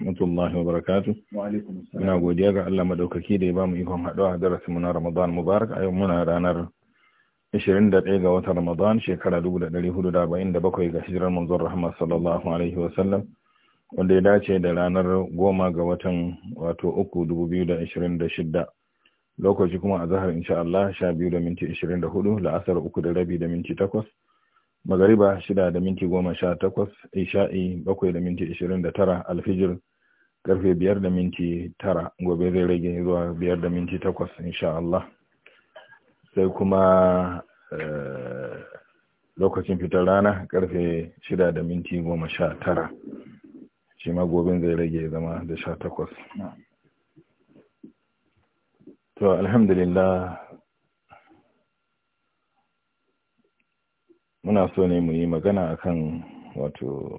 Mutullahi wa barakatu. Ina godiya ga Allah madaukaki da ya ba mu ikon haɗuwa a darasin muna na Ramadan Mubarak a yau muna ranar 21 ga watan Ramadan shekara 1447 ga hijirar manzon Rahman sallallahu alaihi wa sallam wanda ya dace da ranar 10 ga watan wato 3 2026 lokaci kuma a zahar insha Allah 12 da minti 24 la'asar 3 da rabi da minti 8 magariba shida da minti goma sha takwas isha'i bakwai da minti ishirin da tara alfijir karfe biyar da minti tara gobe zai rage zuwa biyar da minti takwas insha Allah sai kuma eh, lokacin fitar rana karfe shida da minti goma sha tara shi ma gobin zai rage zama da sha takwas to alhamdulillah muna so ne mu yi magana akan wato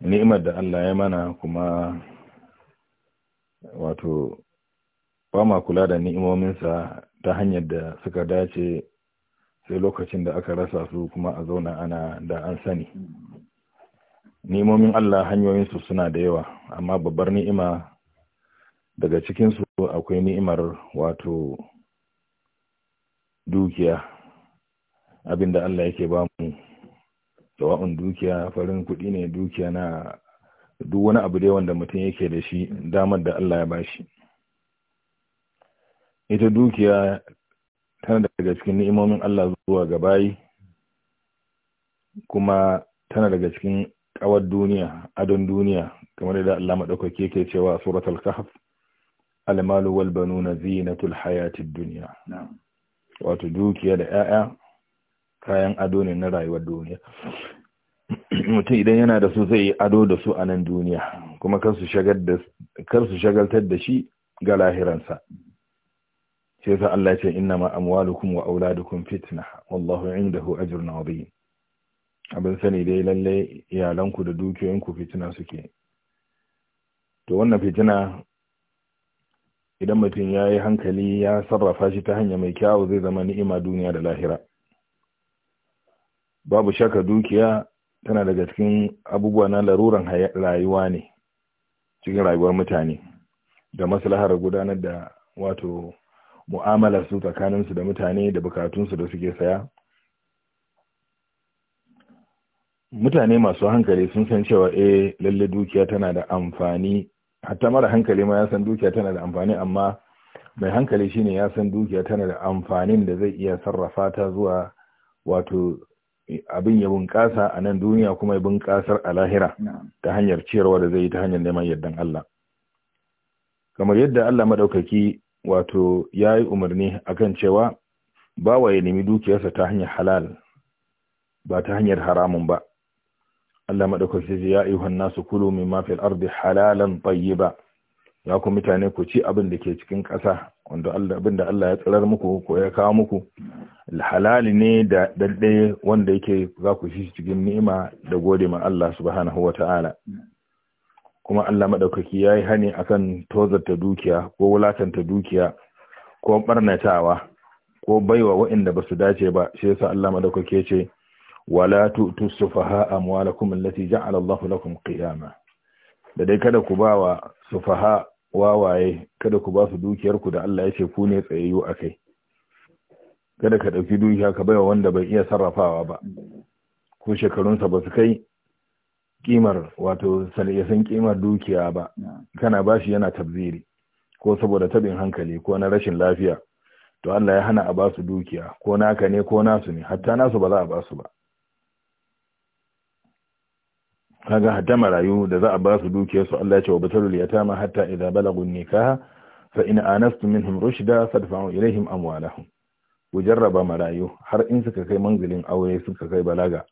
ni'imar da Allah ya mana kuma wato ba ma kula da ni'imominsa ta hanyar da suka dace sai lokacin da aka rasa su kuma a zauna ana da an sani ni'imomin Allah hanyoyinsu suna da yawa amma babbar ni'ima daga cikinsu akwai ni'imar wato dukiya Abin da Allah yake ba mu sawa'un dukiya farin kuɗi ne dukiya na duk wani abu dai wanda mutum yake da shi damar da Allah ya bashi ita dukiya tana daga cikin ni'imomin Allah zuwa ga bayi kuma tana daga cikin kawar duniya adon duniya kamar da Allah madaukake yake cewa a suratul kahf al-malu wal banuna zinatul hayatid duniya. wato dukiya da 'ya'ya kayan ado ne na rayuwar duniya mutum idan yana da su zai yi ado da su a nan duniya kuma kar su shagaltar da shi ga lahiransa sai sa Allah ce inna ma amwalukum wa auladukum fitna wallahu indahu ajrun azim abin sani dai lalle iyalanku da dukiyoyinku fitina suke to wannan fitina idan mutum ya yi hankali ya sarrafa shi ta hanya mai kyawu zai zama ni'ima duniya da lahira babu shaka dukiya tana daga cikin abubuwa na laruran rayuwa ne cikin rayuwar mutane da maslahar gudanar da wato mu'amalar su tsakaninsu da mutane da bukatunsu da suke saya mutane masu hankali sun san cewa eh lalle dukiya tana da amfani hatta mara hankali ma ya san dukiya tana da amfani amma mai hankali shine ya san dukiya tana da amfanin da zai iya sarrafa ta zuwa wato abin ya bunƙasa a nan duniya kuma ya bunƙasar a lahira ta hanyar ciyarwa da zai yi ta hanyar neman yardan Allah kamar yadda Allah maɗaukaki wato ya yi umarni kan cewa bawa ya nemi dukiyarsa ta hanyar halal ba ta hanyar haramun ba Allah madaukaki ya yi hannasu kulu mimma fil ardi halalan ba. ya ku mutane ku ci abin da ke cikin ƙasa wanda Allah abin Allah ya tsirar muku ko ya kawo muku halali ne da daddaye wanda yake za ku shi cikin ni'ima da gode ma Allah subhanahu wata'ala kuma Allah maɗaukaki ya yi hani a kan tozarta dukiya ko wulatanta dukiya ko ɓarnatawa ko baiwa waɗanda ba su dace ba shi yasa Allah maɗaukaki ce wala tu'tu sufaha amwalakum allati ja'ala Allahu lakum qiyama da dai kada ku bawa sufaha wawaye kada ku ba su dukiyarku da Allah ya ce ku ne tsayayyu a kai kada ka ɗauki dukiya ka baiwa wanda bai iya sarrafawa ba ko shekarunsa ba su kai kimar wato san kimar dukiya ba kana bashi yana tabziri ko saboda tabin hankali ko na rashin lafiya to Allah ya hana a basu dukiya ko naka ne ko nasu ne hatta nasu ba za a basu ba kaga hatta marayu da za a ba su dukiyarsu Allah ya ce wa batarul ma hatta idza balagu nikaha fa in anastum minhum rushda fadfa'u ilaihim amwalahum ku jarraba marayu har in suka kai manzilin aure suka kai balaga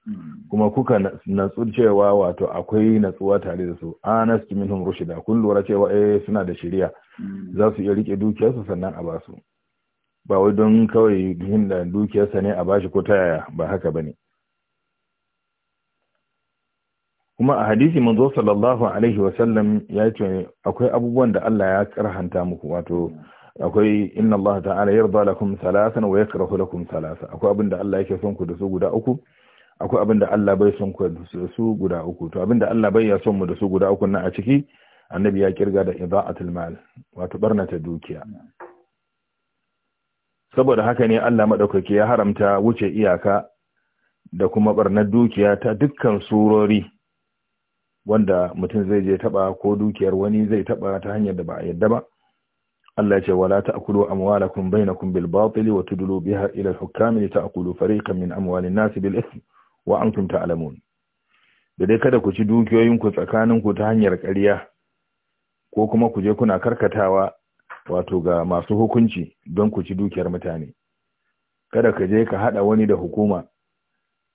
kuma kuka natsu cewa wato akwai natsuwa tare da su anastum minhum rushda kun lura cewa eh suna da shari'a za su iya rike dukiyarsu sannan a ba su ba wai don kawai hinda dukiyarsa ne a bashi ko ta yaya ba haka bane kuma a hadisi manzo sallallahu alaihi wasallam ya ce akwai abubuwan da Allah ya karhanta muku wato akwai inna Allah ta'ala yarda lakum salasan wa yakrahu lakum salasa akwai abin da Allah yake son ku da su guda uku akwai abin da Allah bai son ku da su guda uku to abin da Allah bai ya son mu da su guda uku nan a ciki annabi ya kirga da ida'atul mal wato barnata dukiya saboda haka ne Allah madaukake ya haramta wuce iyaka da kuma barnar dukiya ta dukkan surori wanda mutum zai je taba ko dukiyar wani zai taba ta hanyar da ba a yadda ba Allah ya ce wala ta'kulu amwalakum bainakum bil batil wa tudlu biha ila al hukam li ta'kulu fariqan min amwalin nas bil ithm wa antum ta'lamun da dai kada ku ci dukiyoyin ku tsakanin ku ta hanyar ƙarya ko kuma ku je kuna karkatawa wato ga masu hukunci don ku ci dukiyar mutane kada ka je ka hada wani da hukuma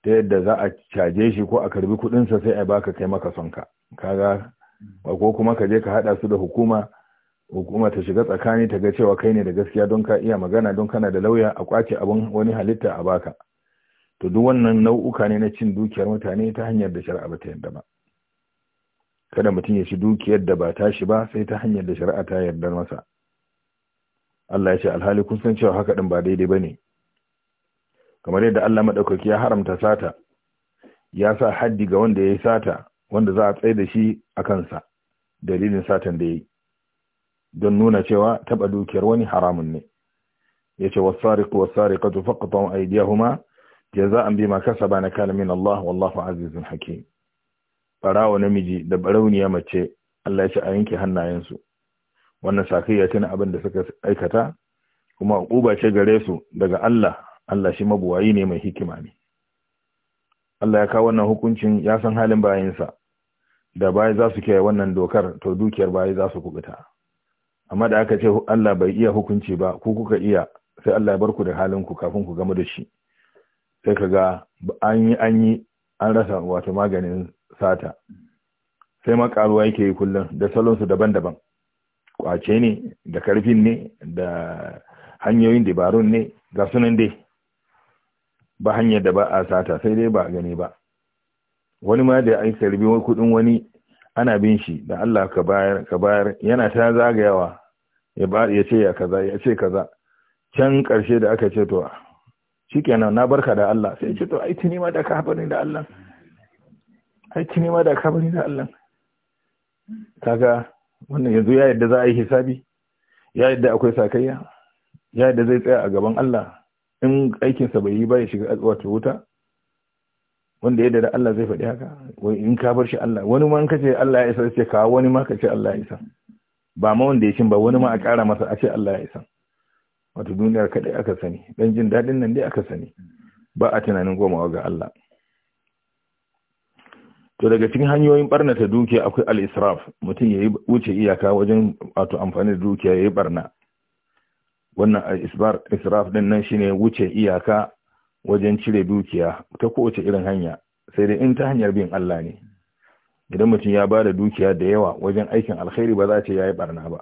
ta yadda za a caje shi ko a karbi kuɗinsa sai a baka kai maka sonka kaga ko kuma ka je ka haɗa su da hukuma hukuma ta shiga tsakani ta ga cewa kai ne da gaskiya don ka iya magana don kana da lauya a kwace abin wani halitta a baka to duk wannan nau'uka ne na cin dukiyar mutane ta hanyar da shari'a ba ta yarda ba kada mutum ya ci dukiyar da ba tashi ba sai ta hanyar da shari'a ta yarda masa Allah ya ce alhali kun san cewa haka din ba daidai bane kamar yadda Allah madaukaki ya haramta sata ya sa haddi ga wanda ya yi sata wanda za a tsaye da shi a kansa dalilin satan da ya yi don nuna cewa taɓa dukiyar wani haramun ne ya ce wasariku wasariƙatu faƙaton aidiyahuma ya za a bi ma kasa ba na kalamin Allah wallahu azizun hakim ɓarawa namiji da barauniya mace Allah ya ce a yanke hannayensu wannan sakayya tana abin da suka aikata kuma uba ce gare su daga Allah Allah shi mabuwayi ne mai hikima ne Allah ya kawo wannan hukuncin ya san halin bayansa da bayi za su kiyaye wannan dokar to dukiyar bayi za su kubuta amma da aka ce Allah bai iya hukunci ba ku kuka iya sai Allah ya bar ku da halin ku kafin ku gamu da shi sai ka ga an yi an yi an rasa wato maganin sata sai makaruwa yake yi kullum da salonsu daban-daban kwace ne da karfin ne da hanyoyin dabarun ne ga sunan dai ba hanyar da ba a sata sai dai ba a gani ba wani ma da ai karbi kudin wani ana bin shi da Allah ka bayar ka bayar yana ta zagayawa ya ba ya ce ya kaza ya ce kaza can karshe da aka ce to shikenan na barka da Allah sai ce to ai tuni ma da ka bani da Allah ai tuni ma da ka bani da Allah kaga wannan yanzu ya yadda za a yi hisabi ya yadda akwai sakayya ya yadda zai tsaya a gaban Allah in aikinsa bai yi ba ya shiga wato wuta wanda ya da Allah zai faɗi haka wai in ka bar shi Allah wani ma in kace Allah ya isa sai ka wani ma kace Allah ya isa ba ma wanda ya shin ba wani ma a ƙara masa a ce Allah ya isa wato duniyar kaɗai aka sani dan jin dadin nan dai aka sani ba a tunanin gomawa ga Allah to daga cikin hanyoyin barnata dukiya akwai al-israf mutum yayi wuce iyaka wajen wato amfani da dukiya yayi barna wannan isbar israf din nan shine wuce iyaka wajen cire dukiya ta kowace irin hanya sai dai in ta hanyar bin Allah ne idan mutum ya bada dukiya da yawa wajen aikin alkhairi ba za ce ya barna ba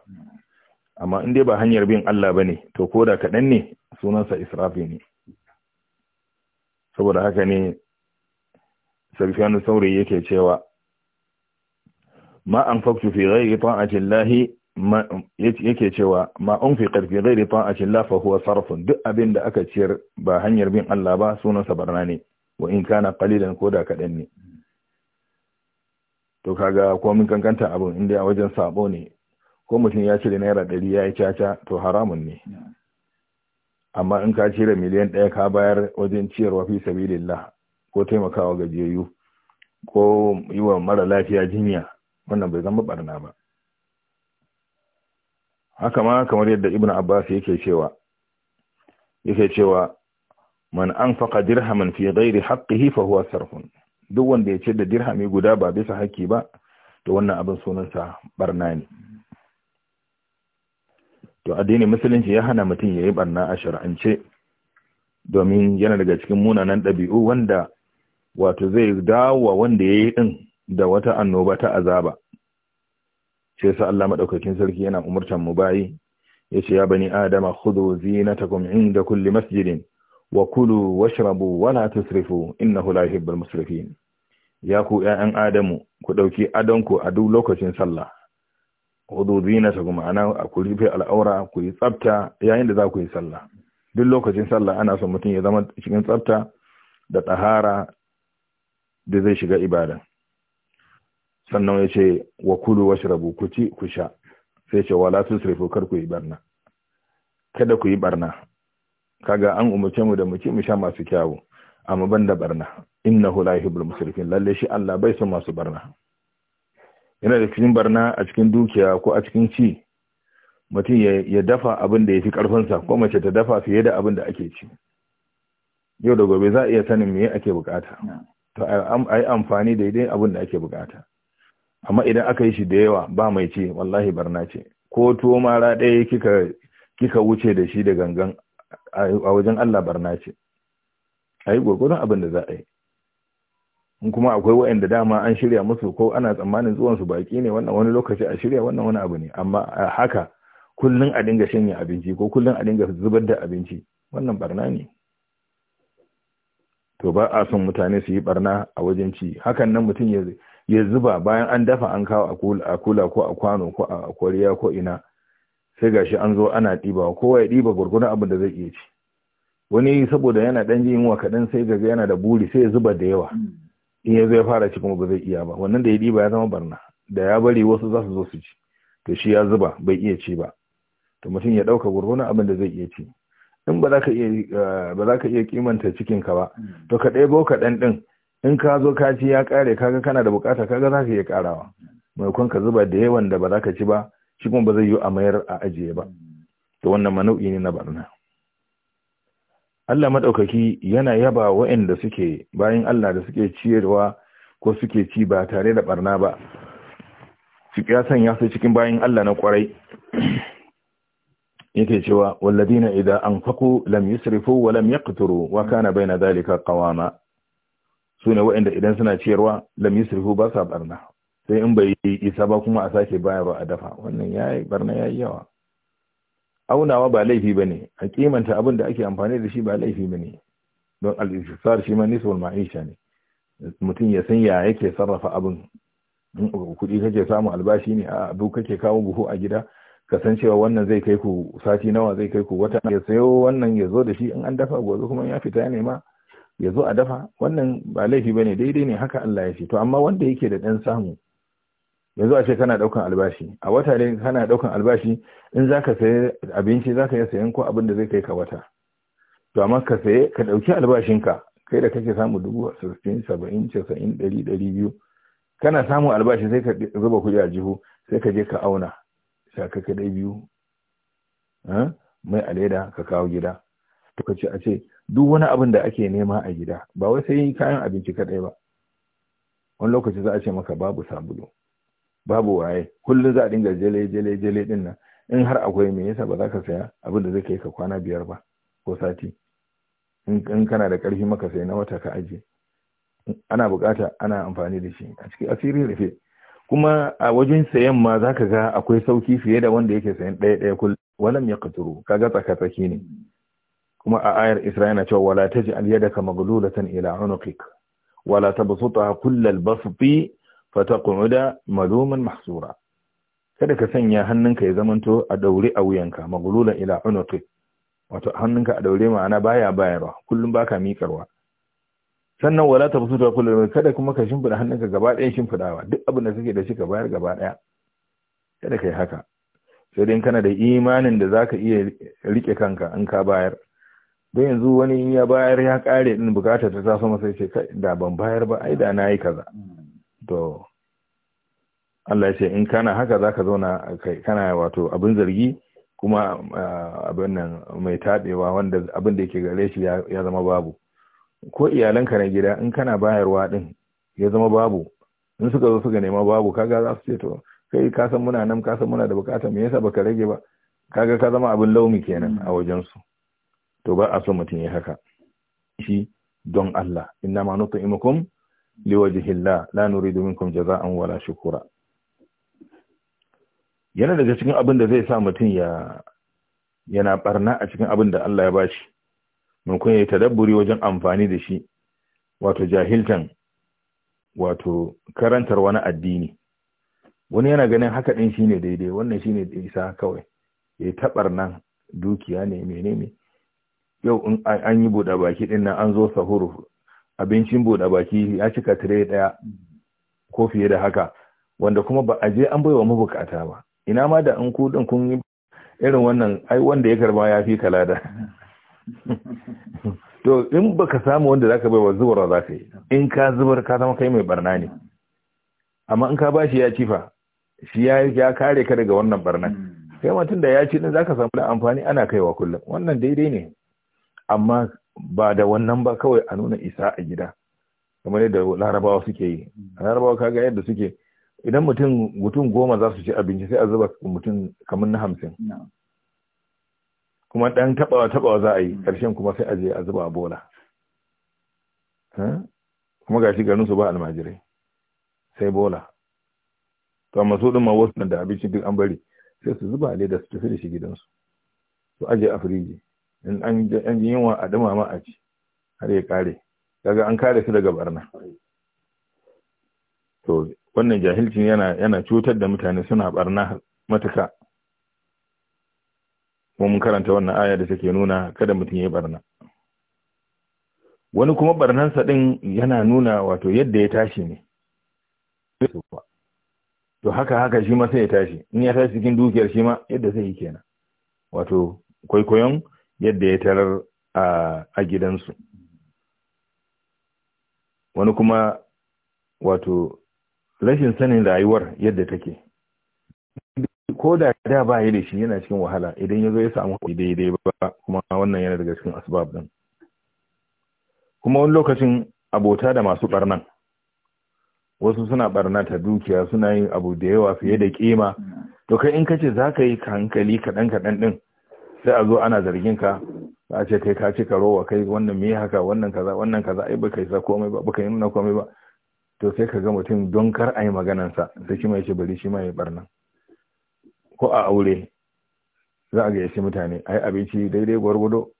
amma in dai ba hanyar bin Allah ba ne to ko da kaɗan ne sunansa israfi ne saboda haka ne sarfiyanu sauri yake cewa ma an fi ghayri ta'ati llahi yake cewa ma unfi karfi ghairi a cin lafa huwa sarfun duk abin da aka ciyar ba hanyar bin Allah ba sunan sabarna barna ne wa in kana kalilan ko da kaɗan ne to kaga ko min kankanta abin inda wajen sabo ne ko mutum ya cire naira ɗari ya yi caca to haramun ne amma in ka cire miliyan ɗaya ka bayar wajen ciyarwa fi sabilillah ko taimakawa gajiyayyu ko yi wa mara lafiya jinya wannan bai zama barna ba haka ma kamar yadda ibn abbas yake cewa yake cewa man anfaqa dirhaman fi ghairi haqqihi fa huwa sarfun duk wanda ya ce da dirhami guda ba bisa haƙƙi ba to wannan abin sunan sa barna ne to addinin musulunci ya hana mutum yayi barna a shar'ance domin yana daga cikin munanan dabi'u wanda wato zai dawo wanda yayi din da wata annoba ta azaba Sai sa Allah madaukakin sarki yana umurtan mu bayi yace ya bani adama khudhu zinatakum inda kulli masjidin wa kulu washrabu wa la tusrifu innahu la yuhibbul musrifin ya ku ƴaƴan adamu ku dauki adonku a duk lokacin sallah khudhu zinatakum ana ku rufe al'aura ku yi tsafta yayin da za ku yi sallah duk lokacin sallah ana son mutum ya zama cikin tsafta da tsahara da zai shiga ibada sannan ya ce wa kulu wa shirabu ku ci ku sha sai ce wala tusrifu kar ku yi barna kada ku yi barna kaga an umarce mu da mu mu sha masu kyawu amma ban da barna innahu la yuhibbul musrifin lalle shi Allah bai son masu barna yana da cikin barna a cikin dukiya ko a cikin ci mutum ya dafa abin da ya fi karfinsa ko mace ta dafa fiye da abin da ake ci yau da gobe za a iya sanin me ake bukata to ai amfani daidai abin da ake bukata amma idan aka yi shi da yawa ba mai ce wallahi barna ce ko tuwo mara ɗaya kika kika wuce da shi da gangan a wajen Allah barna ce a yi gwagwadon abin da za a yi in kuma akwai da dama an shirya musu ko ana tsammanin zuwansu baƙi ne wannan wani lokaci a shirya wannan wani abu ne amma haka kullum a dinga shanye abinci ko kullum a dinga zubar da abinci wannan barna ne to ba a son mutane su yi barna a wajen ci hakan nan mutum ya ya zuba bayan an dafa an kawo a kula ko a kwano ko a kwariya ko ina sai gashi an zo ana ɗibawa kowa ya ɗiba gurgunan abin da zai iya ci wani saboda yana ɗan jin yunwa kaɗan sai ga yana da buri sai ya zuba da yawa mm. in ya zo ya fara ci kuma ba zai iya ba wannan da ya ɗiba ya zama barna da ya bari wasu za su zo su ci to shi ya zuba bai iya ci ba to mutum ya ɗauka gurgunan abin da zai iya ci in ba za ka iya eh, ba za ka kimanta cikinka ba mm. to ka ɗebo kaɗan ɗin in ka zo ka ci ya kare kaga kana da bukata kaga za ka iya karawa Mai kun ka zuba da yawan da ba za ka ci ba shi kuma ba zai yi a mayar a ajiye ba to wannan manau'i ne na barna Allah madaukaki yana yaba waɗanda suke bayan Allah da suke ciyarwa ko suke ci ba tare da barna ba su ya sanya su cikin bayan Allah na kwarai yake cewa walladina idan anfaqu lam yusrifu wa lam yaqturu wa kana baina dhalika qawama su ne waɗanda idan suna ciyarwa lam yusrifu ba sa barna sai in bai yi isa ba kuma a sake bayarwa a dafa wannan yayi barna yayi yawa aunawa ba laifi bane a kimanta abin da ake amfani da shi ba laifi bane don al-istisar shi ma nisbul ma'isha ne mutum ya san ya yake sarrafa abin in kuɗi kake samu albashi ne a abu kake kawo buhu a gida ka san cewa wannan zai kai ku sati nawa zai kai ku wata ya sayo wannan ya zo da shi in an dafa gobe kuma ya fita ya nema ya zo a dafa wannan ba laifi ba daidai ne haka Allah ya ce to amma wanda yake da ɗan samu yanzu a ce kana ɗaukan albashi a wata ne kana ɗaukan albashi in za ka sayi abinci za ka iya sayan ko abin da zai kai ka wata to amma ka saye ka ɗauki albashinka kai da kake samu dubu sittin saba'in casa'in ɗari ɗari biyu kana samu albashi sai ka zuba kuɗi a jihu sai ka je ka auna shaka kaɗai biyu eh, mai aleda ka kawo gida to ka ce a ce duk wani abin da ake nema a gida ba wai sai kayan abinci kadai ba wani lokaci za a ce maka babu sabulu babu waye kullum za a dinga jele jele jele din nan in har akwai me yasa ba za ka saya abin da zai kai ka kwana biyar ba ko sati in kana da karfi maka sai na wata ka aje ana bukata ana amfani da shi a cikin asiri rufe kuma a wajen sayan ma za ka ga akwai sauki fiye da wanda yake sayan ɗaya ɗaya kullum walam ya katuru kaga tsaka tsaki ne kuma a ayar Isra'ila cewa wala al yadaka maglulatan ila unuqik wala tabsutha kullal basti fataquda maluman mahsura kada ka sanya hannunka ya zamanto a daure a wuyanka maglula ila unuqik wato hannunka a daure ma'ana baya bayarwa kullum baka miƙarwa sannan wala tabsutha kullal kada kuma ka shimfida hannunka gaba ɗaya shimfidawa duk abin da kake da shi ka bayar gaba ɗaya kada kai haka sai dai kana da imanin da zaka iya rike kanka in ka bayar don yanzu wani ya bayar ya kare din bukatar ta taso masa ce da ban bayar ba ai da na yi kaza to Allah ya ce in kana haka zaka zauna kai kana wato abin zargi kuma abin nan mai tabewa wanda abin da yake gare shi ya zama babu ko iyalanka na gida in kana bayarwa din ya zama babu in suka zo suka nema babu kaga za su ce to kai ka san muna nan ka san muna da bukata me yasa baka rage ba kaga ka zama abin laumi kenan a wajen su to ba a so mutum ya haka shi don Allah inna ma nut'imukum liwajhillah la nuridu minkum jaza'an wala shukura yana daga cikin abin da zai sa mutum ya yana barna a cikin abin da Allah ya bashi Mun kun yi tadabburi wajen amfani da shi wato jahiltan wato karantar wani addini wani yana ganin haka din shine daidai wannan shine isa kawai ya taɓar nan dukiya ne menene yau an yi buɗe baki ɗin nan an zo sahuru abincin buɗe baki ya cika tire ɗaya ko fiye da haka wanda kuma ba a je an baiwa mabukata ba ina ma da an kuɗin kun yi irin wannan ai wanda ya karba ya fi kalada to in baka samu wanda zaka baiwa zubar za ka yi in ka zubar ka zama kai mai barna ne amma in ka ba shi ya cifa shi ya kare ka daga wannan barnan hmm. kai mutum da ya ci din zaka samu da amfani ana kaiwa kullum wannan daidai ne amma ba da wannan ba kawai a nuna isa a gida kamar yadda larabawa suke yi larabawa kaga yadda suke idan mutum mutum goma za su ci abinci sai a zuba mutum kamar na hamsin kuma ɗan taɓawa taɓawa za a yi Karshen kuma sai a je a zuba a bola kuma gashi ganin su ba almajirai sai bola to amma su ma wasu da abinci duk an bari sai su zuba a leda su tafi da shi gidansu su aje a firiji in an ji yunwa a dama ma a ci har ya kare kaga an kare su daga barna to wannan jahilci yana yana cutar da mutane suna barna matuka kuma mun karanta wannan aya da take nuna kada mutum ya barna wani kuma barnansa din yana nuna wato yadda ya tashi ne to haka haka shi ma sai ya tashi in ya tashi cikin dukiyar shi ma yadda sai yi kenan wato kwaikwayon yadda ya tarar a gidansu wani kuma wato rashin sanin rayuwar yadda take ko da da ba yi da shi yana cikin wahala idan ya zo ya samu daidai ba kuma wannan yana daga cikin asbab din kuma wani lokacin abota da masu barnan wasu suna barna ta dukiya suna yin abu da yawa fiye da kima to kai in kace za ka yi hankali kaɗan kaɗan ɗin sai a zo ana zargin ka a ce kai ka ci rowa kai wannan me haka wannan kaza wannan kaza ai baka yi sa komai ba baka yi nuna komai ba to sai ka ga mutum don kar a yi sa sai shi mai ce bari shi mai barna ko a aure za a gayyaci mutane ai abinci daidai gwargwado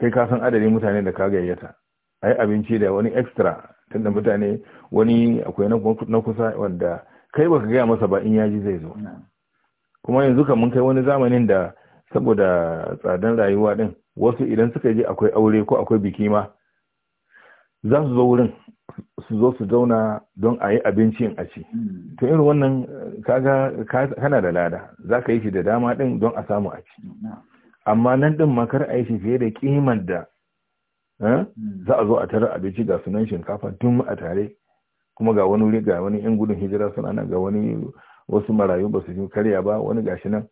kai ka san adadin mutane da ka gayyata ai abinci da wani extra tunda mutane wani akwai na kusa wanda kai baka gaya masa ba in yaji zai zo kuma yanzu kan mun kai wani zamanin da saboda tsadan rayuwa din wasu idan suka je akwai aure ko akwai biki ma za su zo wurin su zo su zauna don a yi abincin a ci hmm. to irin wannan kaga kana da lada za ka yi shi da dama din don a samu a ci amma nan din makar a yi shi fiye da kimar da eh, hmm. za a zo a tara abinci ga sunan shinkafa tun a tare kuma ga wani wuri ga wani yan gudun hijira suna nan ga wani wasu marayu ba su karya ba wani gashi nan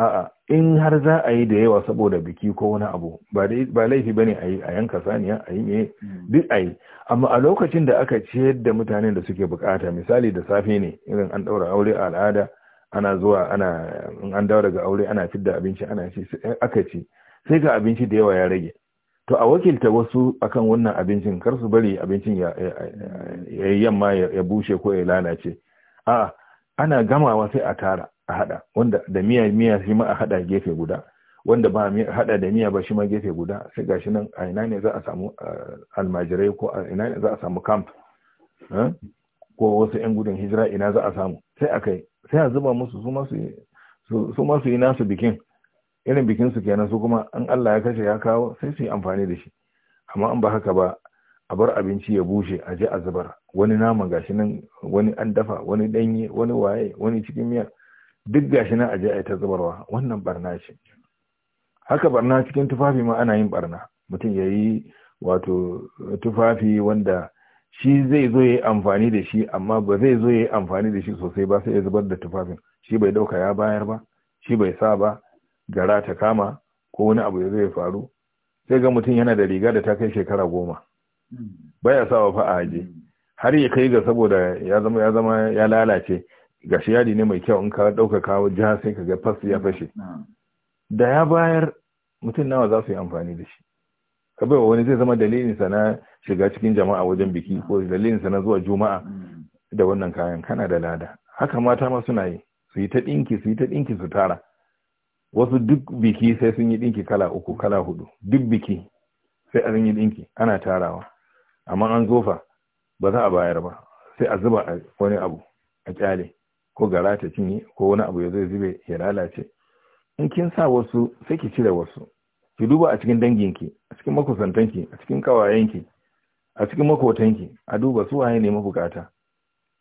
a'a in har za a yi da yawa saboda biki ko wani abu ba laifi bane a yi a yanka saniya a yi hmm. duk a yi amma a lokacin da aka ciyar da mutanen da suke bukata misali da safe ne irin an daura aure a al'ada ana zuwa ana in an daura daga aure ana fidda abinci ana ci aka ci sai ga abinci da yawa ya rage to a wakilta wasu akan wannan abincin kar su bari abincin ya yamma ya bushe ko ya lalace a'a ana gamawa sai a tara a hada wanda da miya miya shi ma a hada gefe guda wanda ba hada da miya ba shi ma gefe guda sai gashi nan a ina ne za a samu eh, almajirai ko a ina ne za a samu camp eh, ko wasu yan gudun hijira ina za a samu sai akai sai a zuba musu su ma su su ma su yi nasu bikin irin bikin su kenan su kuma an Allah ya kashe ya kawo sai su yi amfani da shi amma an ba haka ba a bar abinci ya bushe a je a zubar wani nama gashi nan wani an dafa wani danye wani waye wani cikin miya duk gashi na aje ai ta zubarwa wannan barna ce haka barna cikin tufafi ma ana yin barna mutum ya yi wato tufafi wanda shi zai zo ya yi amfani da shi amma ba zai zo ya yi amfani da shi sosai ba sai ya zubar da tufafin shi bai dauka ya bayar ba shi bai sa ba gara ta kama ko wani abu ya zai faru sai ga mutum yana da riga da ta kai shekara goma hmm. baya sa wa fa'a aje hmm. har ya kai ga saboda ya zama ya lalace gashi yadi ne mai kyau in ka ɗauka kawo jiha sai ka ga fas ya mm, fashe mm. da ya bayar mutum nawa za su yi amfani da shi ka bai wani zai zama dalilinsa na shiga cikin jama'a wajen biki mm. ko dalilinsa na zuwa juma'a da wannan kayan kana da lada haka mata ma suna yi su yi ta dinki su yi ta dinki su tara wasu duk biki sai sun yi dinki kala uku kala hudu duk biki sai a yi dinki ana tarawa amma an zofa ba za a bayar ba sai a zuba wani abu a kyale ko gara ta cinye ko wani abu ya zo zube ya lalace in kin sa wasu sai ki cire wasu ki duba a cikin danginki a cikin makusantanki a cikin kawayenki a cikin makotanki a duba su waye ne mabukata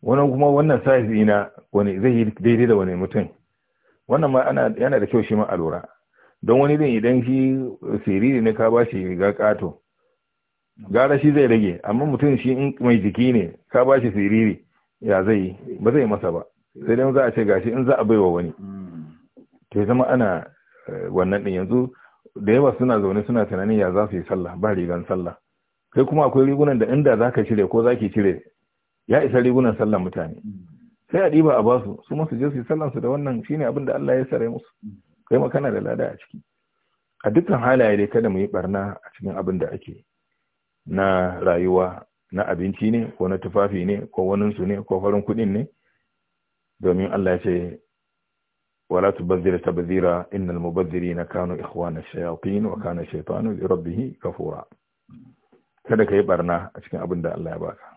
wannan kuma wannan size ina wani zai yi daidai da wani mutum wannan ma ana yana da kyau shi ma a lura don wani din idan shi siriri ne ka ba shi riga kato gara shi zai rage amma mutum shi mai jiki ne ka ba shi siriri ya zai ba zai masa ba sai dai za a ce gashi in za a baiwa wani hmm. to zama ana eh, wannan din yanzu da yawa suna zaune suna tunanin ya za su yi sallah ba rigan sallah kai kuma akwai rigunan da inda za ka cire ko za ki cire ya isa rigunan sallah mutane hmm. sai a diba a basu su masu je su yi su da wannan shine abin da Allah ya sare musu hmm. kai makana da lada a ciki a dukkan halaye dai kada mu yi barna a cikin abin da ake na rayuwa na abinci ne ko na tufafi ne ko waninsu ne ko farin kuɗin ne domin Allah ya ce wala tubazzir tabzira innal mubazzirina kanu ikhwana shayatin wa kana shaytanu li rabbih kafura kada kai barna a cikin abin da Allah ya baka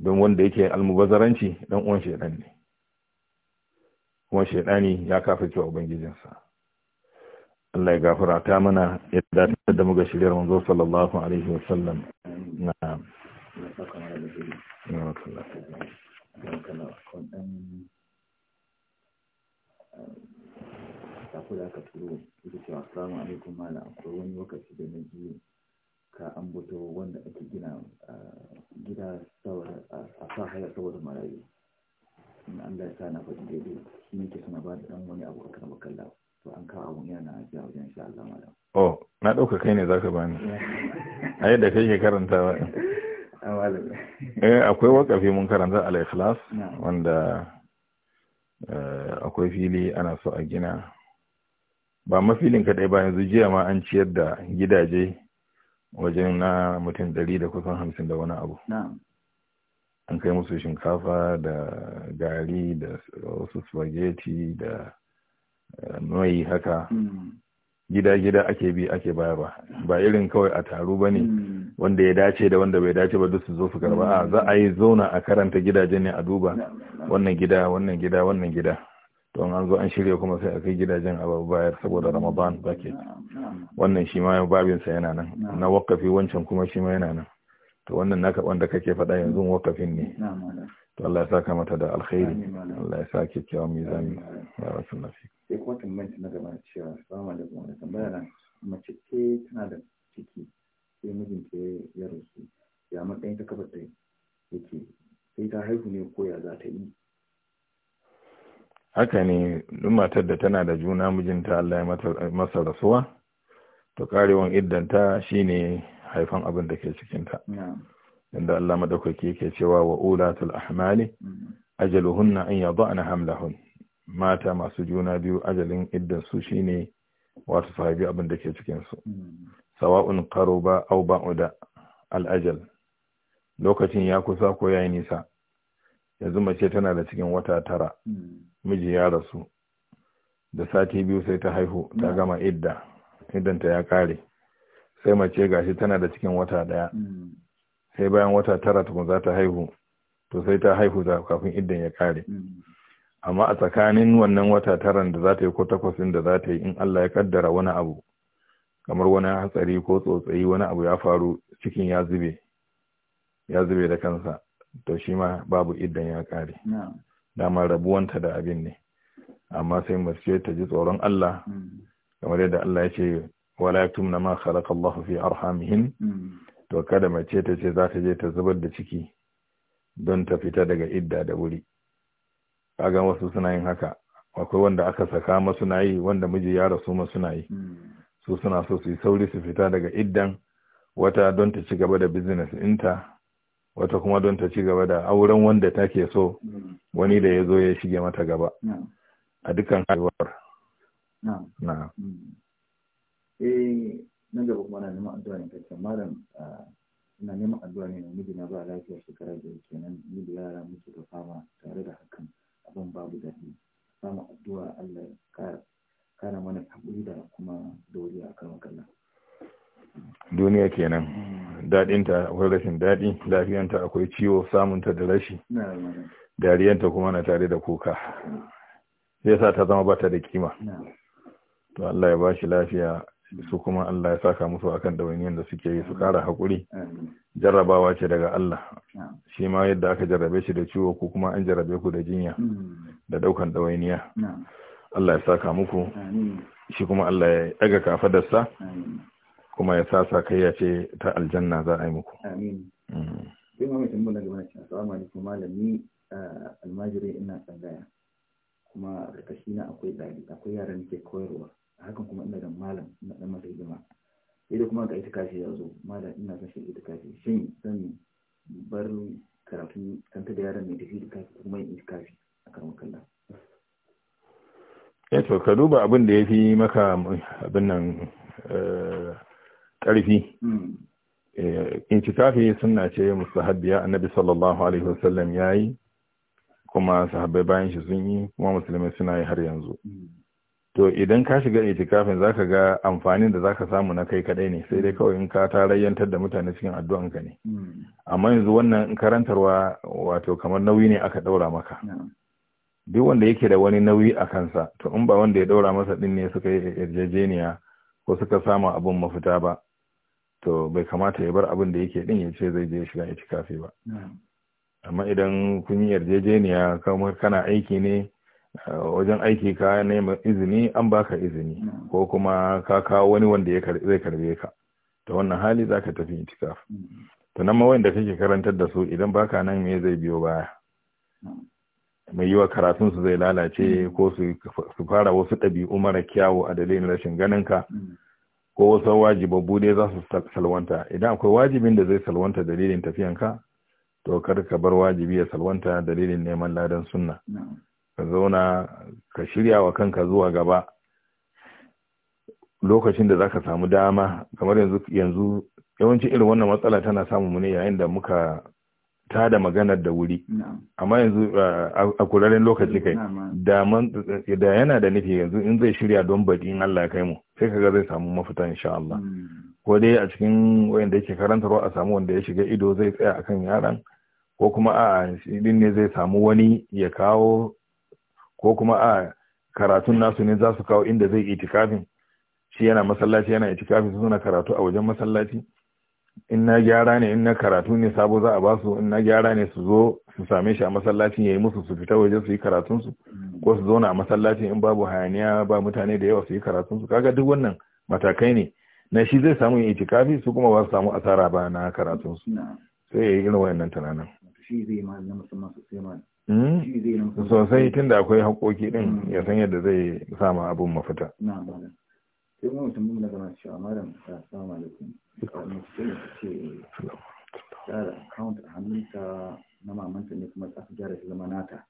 don wanda yake almubazzaranci dan uwan shaytan ne kuma shaydani ya kafa cewa ubangijinsa Allah ya gafara ta mana yadda dace da muga shiryar manzo sallallahu alaihi wasallam kana kan ɗan sako da aka turo ita cewa assalamu alaikum mala, akwai wani lokaci da na ji ka ambato wanda ake gina eh, gida eh, a sa haya saboda marayu in an da sa na faɗi daidai shi ne ke suna ba da ɗan wani abu akan bakalla to an kawo abun yana na ajiya wajen sha Allah malam. oh na ɗauka kai ne zaka bani a yadda kai ke karanta ba eh akwai wakafi mun karanta al-ikhlas wanda eh, akwai fili ana so a gina ba mafilin kadai ba yanzu jiya ma an ciyar da gidaje wajen na mutum dari da kusan hamsin da wani abu an kai musu shinkafa da gari da wasu spaghetti da eh, mai haka mm. gida-gida ake bi ake bayarwa ba irin kawai a taru ba ne hmm. wanda ya dace da wanda bai dace ba duk su zo su karba a za a yi zauna a karanta gidaje ne a duba wannan gida wannan gida wannan gida to an zo an shirya kuma sai a kai gidajen a bayar saboda ramadan ke wannan shi ma babinsa yana nan na wakafi wancan kuma shi ma yana nan to wannan naka wanda kake faɗa yanzu wakafin ne to Allah ya saka mata da alkhairi Allah ya sa kyakkyawan mizani ya rasu nafi sai kuma tambayar na gaba cewa sama alaikum wani tambaya na mace ce tana da ciki sai mijinta ya rasu ya matsayin ta kafa ta yake sai ta haihu ne ko ya za ta yi haka ne duk matar da tana da juna mijinta Allah ya masa rasuwa to karewan iddanta shine haifan abin da ke cikin ta inda Allah madaukaki yake cewa wa ulatul ahmali mm-hmm. ajaluhunna an yadhana hamlahun mata masu juna biyu ajalin iddan su shine wato sahabi abin da ke cikin su sawa'un qaruba aw ba'uda al ajal lokacin ya kusa ko yayi nisa yanzu mace tana da cikin wata tara miji ya rasu da sati biyu sai ta haihu ta gama idda iddanta ya kare sai mace gashi tana da cikin wata daya mm. sai bayan wata tara tukun za ta haihu to sai ta haihu kafin iddan ya kare mm. amma a tsakanin wannan wata taran da za ta yi ko takwasin da za ta yi in Allah ya kaddara wani abu kamar wani hatsari ko tsotsayi wani abu ya faru cikin ya zube ya zube da kansa to shi ma babu idan ya kare dama rabuwanta da abin ne amma sai mace ta ji tsoron Allah hmm. kamar yadda Allah ya ce wala yaktumna ma khalaqa Allah fi arhamihin hmm. to kada mace ta ce za ta je ta zubar da ciki don ta fita daga idda da wuri kaga wasu suna yin haka akwai wanda aka saka masu na yi wanda miji ya rasu masu na yi su suna so su yi sauri su fita daga iddan wata don ta ci gaba da business inta wata kuma don ta ci gaba da auren wanda take so wani da ya zo ya shige mata gaba a dukkan haihuwar na eh, kuma na neman addu'a ne kacce malam ah, ina neman addu'a ne na miji na ba lafiya shekara da kenan miji yara muke da fama tare da hakan abin babu daɗi samu addu'a Allah ya kara mana haƙuri da kuma doriya a kan kallon duniya kenan daɗinta akwai rashin daɗi lafiyanta akwai ciwo samunta da rashi dariyanta kuma na tare da kuka zai sa ta zama bata da kima to Allah ya ba shi lafiya su kuma Allah ya saka musu akan dawainiyar da suke yi su kara haƙuri jarrabawa ce daga Allah shi ma yadda aka jarrabe shi da ciwo ko kuma an jarrabe ku da jinya hmm. da ɗaukan dawainiya Allah ya saka muku shi kuma Allah ya ɗaga kafadarsa kuma ya sasa kai ya ce ta aljanna za a yi muku. Amin. Hmm. malami ina tsangaya kuma a ƙarƙashi na akwai yaran ke koyarwa hakan kuma ina da malam na dan masa hidima sai da kuma ga ita kashi ya zo malam ina son shi ita kashi shin zan bar san kanta da yaran mai tafi da kashi kuma yin ita kashi a karamar kalla ya eh to ka duba abin da ya fi maka abin nan eh, ƙarfi hmm. eh, tafi suna ce mustahabbiya annabi sallallahu alaihi wasallam yayi kuma sahabbai bayan shi sun yi kuma musulmai suna yi har yanzu hmm. to idan ka shiga itikafin za ka ga amfanin da za ka samu na kai kadai ne sai dai kawai in ka tarayyantar da mutane cikin addu'an ka ne hmm. amma yanzu wannan karantarwa wato kamar nauyi ne aka ɗaura maka duk wanda yake da wani nauyi a kansa to in ba wanda ya ɗaura masa ɗin ne suka yi yarjejeniya ko suka samu abun mafita ba to bai kamata ya bar abin da yake din ya ce zai je shiga itikafi ba amma idan kun yi yarjejeniya kamar kana aiki ne wajen aiki ka nema izini an baka izini ko kuma ka kawo wani wanda zai karbe ka ta wannan hali za ka tafi itikaf ta nan ma da kake karantar da su idan baka nan me zai biyo baya mai yiwa karatun su zai lalace ko su fara wasu ɗabi'u mara kyawu a dalilin rashin ganin ka ko wasu wajibabbu ne za su salwanta idan akwai wajibin da zai salwanta dalilin tafiyanka to kar ka bar wajibi ya salwanta dalilin neman ladan sunna ka zauna ka shirya wa kanka zuwa gaba lokacin da za ka samu dama kamar yanzu yanzu yawanci irin wannan matsala tana samun mu yayin da muka ta da maganar da wuri amma yanzu a kuraren lokaci kai da yana da nufi yanzu in zai shirya don baɗi in Allah ya kai mu sai kaga zai samu mafita insha Allah hmm. ko dai a cikin wayanda yake karantarwa a samu wanda ya shiga ido zai tsaya akan yaran ko kuma a din ne zai samu wani ya kawo ko kuma a karatun nasu ne za su kawo inda zai itikafin shi yana masallaci yana itikafi su suna karatu a wajen masallaci in na gyara ne in na karatu ne sabo za a ba su in na gyara ne su zo su same shi a masallacin yayi musu su fita waje su yi karatun su mm. ko su zauna a masallacin in babu hayaniya ba mutane da yawa su yi karatun su kaga duk wannan matakai ne na shi zai samu itikafi su kuma ba su samu asara ba na karatun su sai yayi irin wayannan tunanin shi zai ma na musamman su sai Hmm? sosai tun da akwai haƙoƙi ɗin hmm. ya san yadda zai samu abin mafita na tsara account a hannunta na mamanta ne kuma aka gyara shi zama nata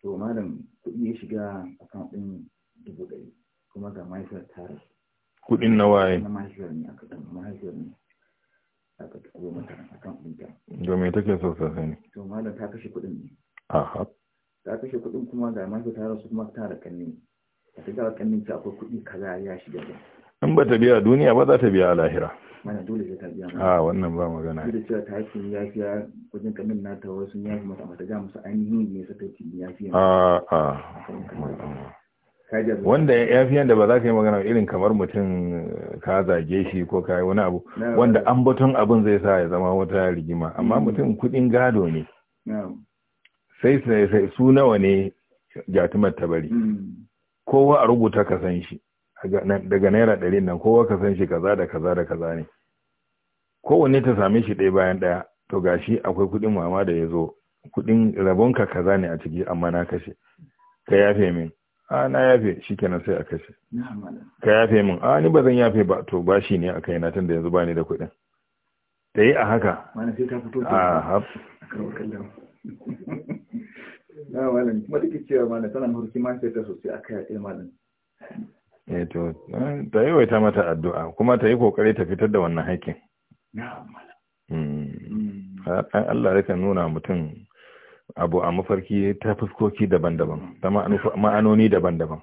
to malam kuɗi ya shiga account ɗin dubu ɗari kuma ga mahaifiyar tare kuɗin na waye na mahaifiyar ne aka ɗan mahaifiyar ne aka ɗago mata account ɗinta domin take so sosai ne to malam ta kashe kuɗin ne ta kashe kuɗin kuma ga masu ta su kuma ta da kanni ta ta ga kanni ta akwai kuɗi kaza ya shiga da in ba ta biya duniya ba za ta biya a lahira mana dole sai ta biya a ah, wannan ba magana dole cewa ta haƙƙin yafiya wajen kannin ta wasu ya mata mata ga musu ainihin ne sa ta cikin yafiya a a wanda yafiyan da ba za ka yi magana irin kamar mutum eh, ka zage shi ko ka yi wani abu wanda ambaton abin zai sa ya zama wata rigima amma mm. mutum kuɗin gado ne sai sai su nawa ne jatumar ta bari hmm. kowa a rubuta ka san shi daga naira ɗari nan kowa ka san shi kaza da kaza da kaza ne kowanne ta same shi ɗaya bayan ɗaya to gashi akwai kuɗin mama da ya zo kuɗin rabonka kaza ne a ciki amma na kashe ka yafe min a na yafe shi kenan sai a kashe ka yafe min a ni ba zan yafe ba to ba shi ne a kai na da yanzu ba ni da kuɗin ta yi a haka a na malam kuma take cewa malam tana mahurki mafiyarta sosai a kai a kai malam eh to ta yi waita mata addu'a kuma ta yi kokari ta fitar da wannan haƙƙin na'am malam hmm. Allah ya nuna mutum abu a mafarki ta fuskoki daban-daban ta ma'anoni daban-daban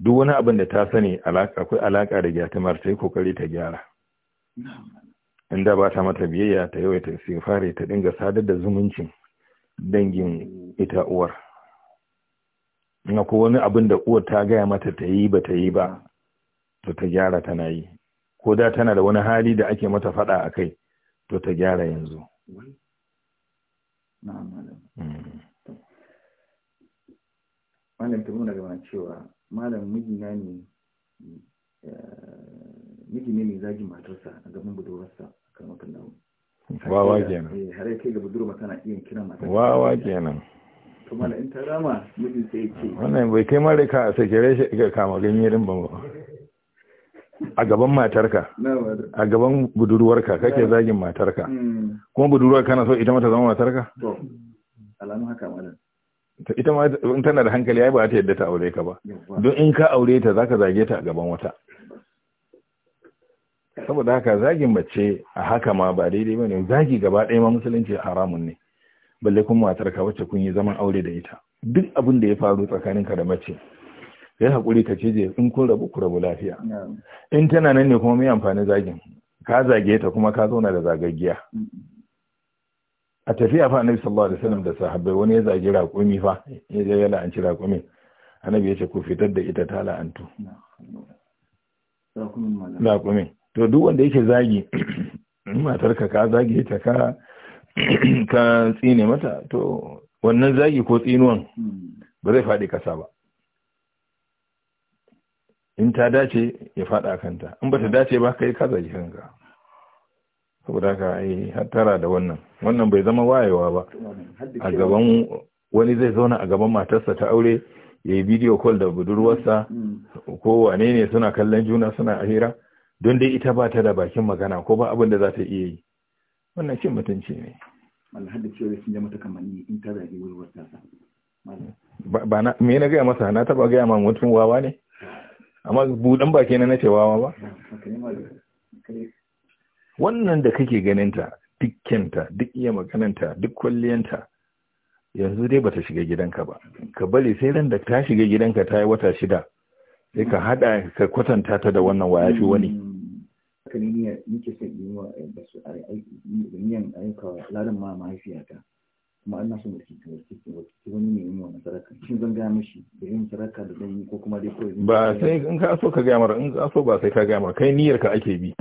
duk wani abin da ta sani akwai alaka da gyatumar ta yi kokari ta gyara inda ba ta mata biyayya ta yawaita sigfare ta dinga sadar da zumuncin dangin ita uwar na ko wani abin da uwar ta gaya mata ta yi ba ta yi ba to ta gyara tana yi ko da tana da wani hali da ake mata faɗa a kai to ta gyara yanzu mm. malam ta nuna gaba cewa malam mijina ne eh, miji ne mai zagin matarsa a gaban budurarsa a kan wakan wawa kenan eh, har yake ga budurwa tana iya kiran mata wawa kenan kuma in ta rama mijin sai yake wannan bai kai mare ka a sakere shi ga kama ganye din ba a gaban matarka a gaban budurwarka kake zagin matarka hmm. kuma budurwar kana so ita mata zama matarka to alamu haka malam ita ma in tana da hankali ai ba ta yadda ta aure ka ba don in ka aure ta zaka zage ta a gaban wata saboda haka zagin mace a haka ma ba daidai bane zagi gaba ɗaya ma musulunci haramun ne balle kuma matar ka wacce kun yi zaman aure da ita duk abin da ya faru tsakanin ka da mace kai hakuri ka je in kun rabu ku rabu lafiya in tana nan ne kuma mai amfani zagin ka zage ta kuma ka zauna da zagaggiya a tafiya fa annabi sallallahu alaihi wasallam da sahabbai wani ya zagi raƙumi fa ya je ya la'anci raƙumin annabi ya ce ku fitar da ita ta la'antu raƙumin to duk wanda yake zagi matar ka ka ta ka ka tsine mata to wannan zagi ko tsinuwan ba zai faɗi ƙasa ba in ta dace ya faɗa kanta in ba ta dace ba kai ka zagi kanka saboda ka ai eh, hattara da wannan wannan bai zama wayewa ba a gaban wani zai zauna a gaban matarsa ta aure ya yi bidiyo call da budurwarsa mm. ko wane ne suna kallon juna suna hira don dai ita ba ta da bakin magana ko ba abin da za ta iya yi wannan cin mutunci ne na gaya masa na taba gaya ma mutum wawa na nace wawa wannan da kake ganinta ta duk iya magananta duk kwalliyanta yanzu dai bata shiga gidanka ba ka bari sai ran da ta shiga gidanka ta yi wata shida sai ka haɗa ka kwatanta ta da wannan waya shi wani mm. haka ne niyyar nake son yi wa da su niyyar ayyuka ladan ma mahaifiyata kuma ana son wakilci wakilci wakilci wani ne yi wa masaraka. shin zan gaya mishi da yin sadaka da zan yi ko kuma dai kawai ba sai in ka so ka gaya mara in ka so ba sai ka gaya mara kai niyyar ka ake bi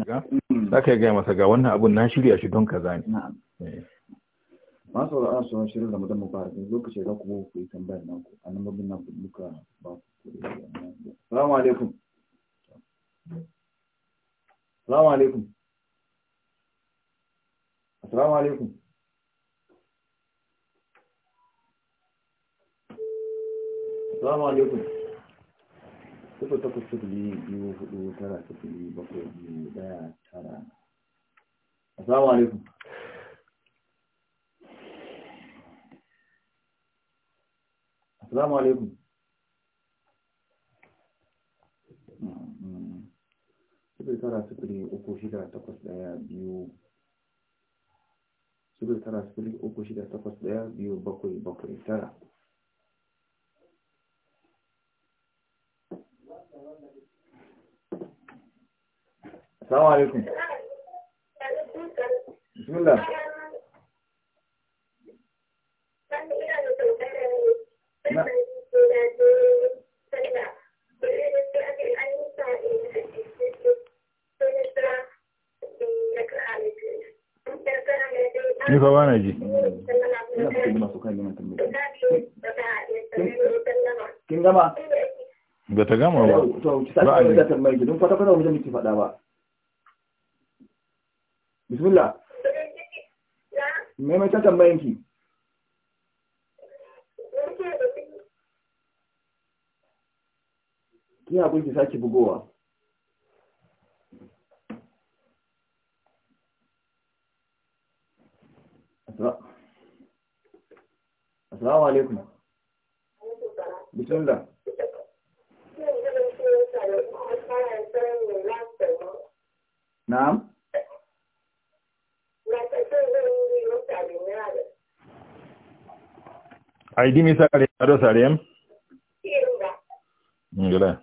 mm. za ka gaya masa ga wannan abun na shirya shi don kaza ne eh. masu ra'a su shirin da ramadan mubarak lokacin za ku ku yi tambayar naku annababin nan muka ba ku salamu alaikum Assalamu alaikum. Assalamu alaikum. Assalamu alaikum. Kuka takwas sifili biyu hudu tara sifili bakwai biyu daya tara. Assalamu alaikum. Assalamu alaikum. sifir tara sifiri uku shida takwas ɗaya biyu sifir tara sifiri uku shida takwas ɗaya biyu bakwai bakwai tara Assalamu alaikum. Bismillah. Na, ni fa ba na ji kin gama ba ta gama ba ba a ji da tambayi don kwata kwata wajen miki faɗa ba bismillah me mai ta tambayin ki ki hakuri ki sake bugowa Salamu alaikum. Bismillah. Na'am. Ai dimi sare ado sare am. Ngela.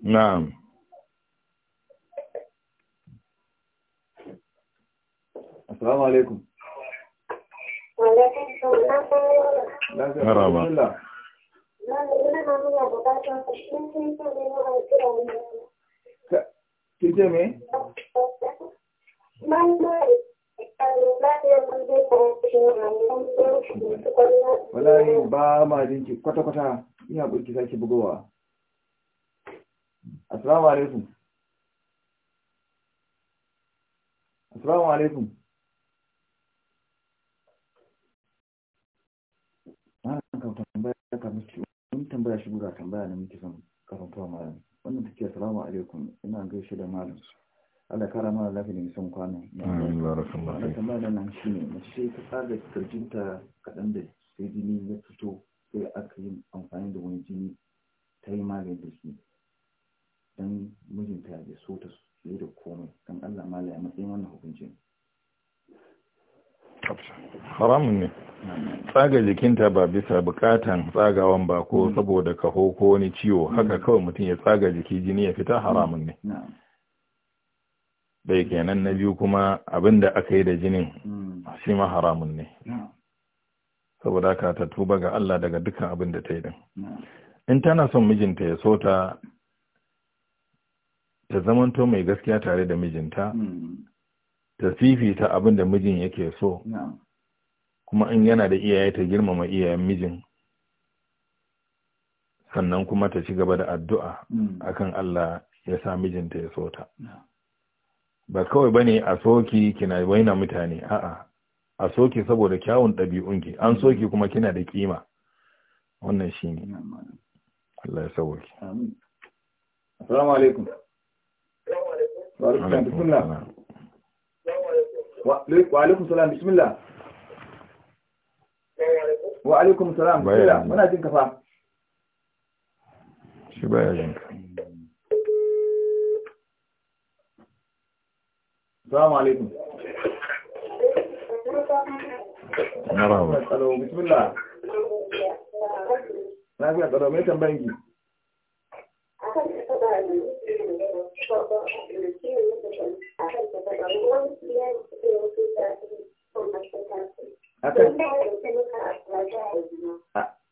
Na'am. sake bugowa assalamu alaikum assalamu alaikum kan tambaya ka wani tambaya shi guda tambaya na miki son karantuwa malam wannan take assalamu alaikum ina gaishe da malam Allah kara mana lafiya da nisan kwana amin barakallahu wannan tambaya nan shine mace ta tsara kirjinta kadan da sai jini ya fito sai aka yi amfani da wani jini ta yi magani da shi don mijinta ya so ta fiye da komai don Allah mala ya matsayin wannan hukuncin haramun ne tsaga jikinta ba bisa bukatan tsagawan ba ko mm. saboda kaho ko wani ciwo mm. haka kawai mutum ya tsaga jiki jini ya fita haramun ne bai mm. kenan na biyu kuma abinda aka yi da jinin shi ma haramun ne saboda haka ta tuba ga Allah daga dukkan abin da ta yi din in tana son mijinta ya so ta ta zamanto mai gaskiya tare da mijinta hmm. ta fifita abin da mijin yake so kuma in yana da iyaye ta girmama iyayen mijin sannan kuma ta ci gaba da addu'a hmm. akan Allah ya sa mijinta ya so ta ba kawai bane a soki kina waina mutane a'a a soke saboda kyawun ɗabi'unki an soke kuma kina da kima wannan shi ne Allah ya sauke assalamu alaikum wa alaikum salam bismillah wa alaikum salam bismillah muna jin kafa shi baya jin ka assalamu alaikum Marhaba. Bismillah. Na fi tsaro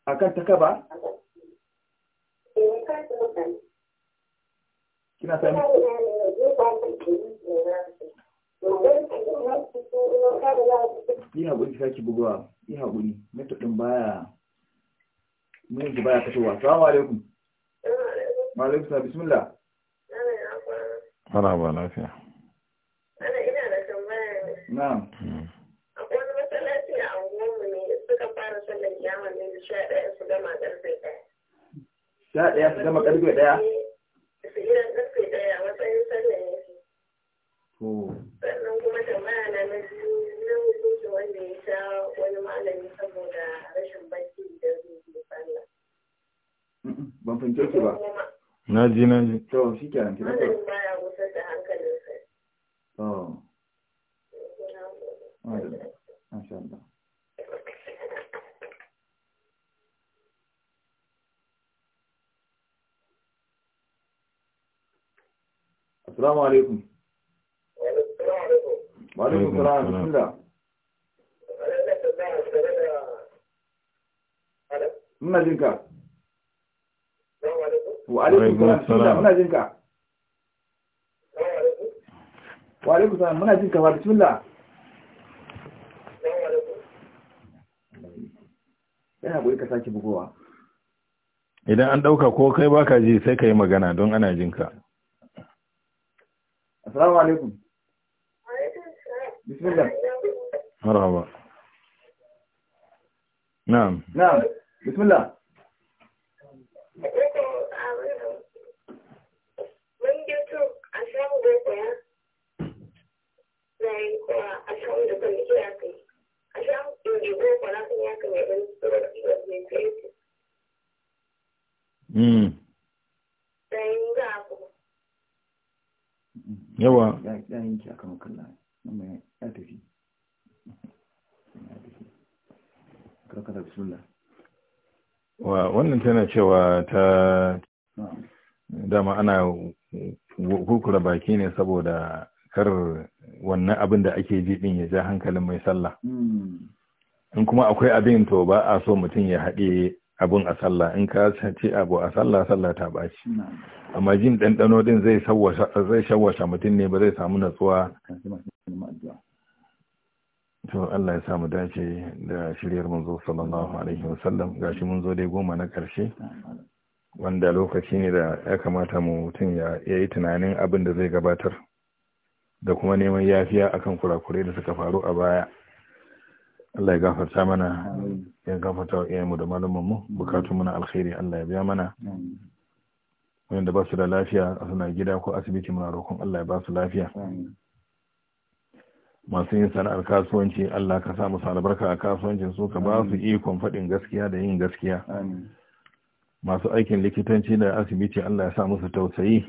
Akan taka ba? Kina sami? yi haƙuri ki sake bugawa yi haƙuri matuƙin baya mun ji baya fitowa salamu alaikum wa alaikum salam bismillah ana ba lafiya ana ina da tambaya na'am hmm. akwai wani masallaci a anguwanmu ne suka fara sallar kiyama ne da sha ɗaya su gama ƙarfe ɗaya sha ɗaya su gama ƙarfe ɗaya eh, ban fahimce ki ba na ji na ji to shi ke ki baya gusar Assalamu alaikum. salam muna jin kamar bismillah yana goyi ka sake bugowa idan an ɗauka ko kai baka ji sai ka yi magana don ana jin ka assalamu alaikum bismillah marhaba na'am na'am bismillah Mm. yawa wannan tana cewa ta dama ana kukura baki ne saboda kar wannan abin da ake ji din ya ja hankalin mai sallah mm. in kuma akwai abin to ba a so mutum ya haɗe abun a sallah in ka ce abu a sallah sallah ta baci amma jin ɗanɗano din zai shawasha mutum ne ba zai samu natsuwa to Allah ya samu dace da shiryar manzo sallallahu alaihi wasallam gashi mun zo dai goma na ƙarshe wanda lokaci ne da ya kamata mu mutum ya yi tunanin abin da zai gabatar da kuma neman yafiya akan kurakurai da suka faru a baya Allah ya gafarta mana ya gafarta wa mu da mu, bukatun muna alkhairi Allah ya biya mana wanda ba su da lafiya suna gida ko asibiti muna roƙon Allah ya ba su lafiya masu yin sana'ar kasuwanci Allah ka sa musu albarka a kasuwancin su ka ba su ikon faɗin gaskiya da yin gaskiya masu aikin likitanci da asibiti Allah ya sa musu tausayi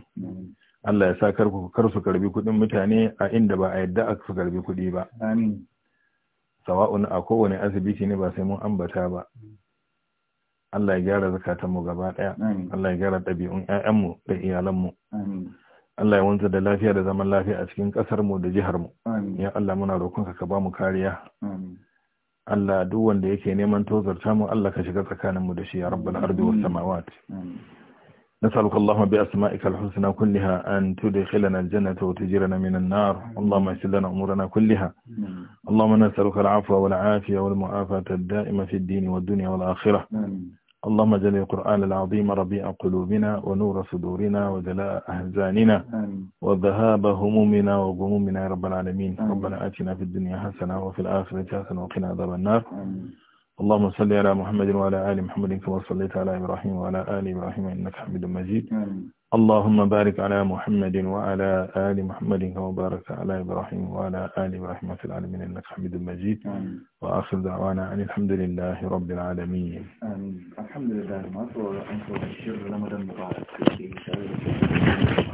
Allah ya sa kar su karbi kuɗin mutane a inda ba a yadda su karbi kuɗi ba amin sawa'un a kowane asibiti ne ba sai mun ambata ba Allah ya gyara zakatanmu gaba ɗaya Allah ya gyara ɗabi'un ƴaƴanmu da iyalanmu Allah ya wanzu da lafiya da zaman lafiya a cikin mu da jiharmu ya Allah muna roƙon ka ba mu kariya Allah duk wanda yake neman tozarta mu Allah ka shiga tsakaninmu da shi ya rabbal ardi was samawati نسألك اللهم بأسمائك الحسنى كلها أن تدخلنا الجنة وتجيرنا من النار اللهم يسر لنا أمورنا كلها اللهم نسألك العفو والعافية والمعافاة الدائمة في الدين والدنيا والآخرة اللهم جل القرآن العظيم ربيع قلوبنا ونور صدورنا وجلاء أحزاننا وذهاب همومنا وغمومنا يا رب العالمين ربنا آتنا في الدنيا حسنة وفي الآخرة حسنة وقنا عذاب النار اللهم صل على محمد وعلى آل محمد كما صليت على إبراهيم وعلى آل إبراهيم إنك حميد مجيد آمين. اللهم بارك على محمد وعلى آل محمد كما باركت على إبراهيم وعلى آل إبراهيم في العالمين إنك حميد مجيد آمين. وآخر دعوانا أن الحمد لله رب العالمين آمين. الحمد لله ما أطول أنت والشر لما دم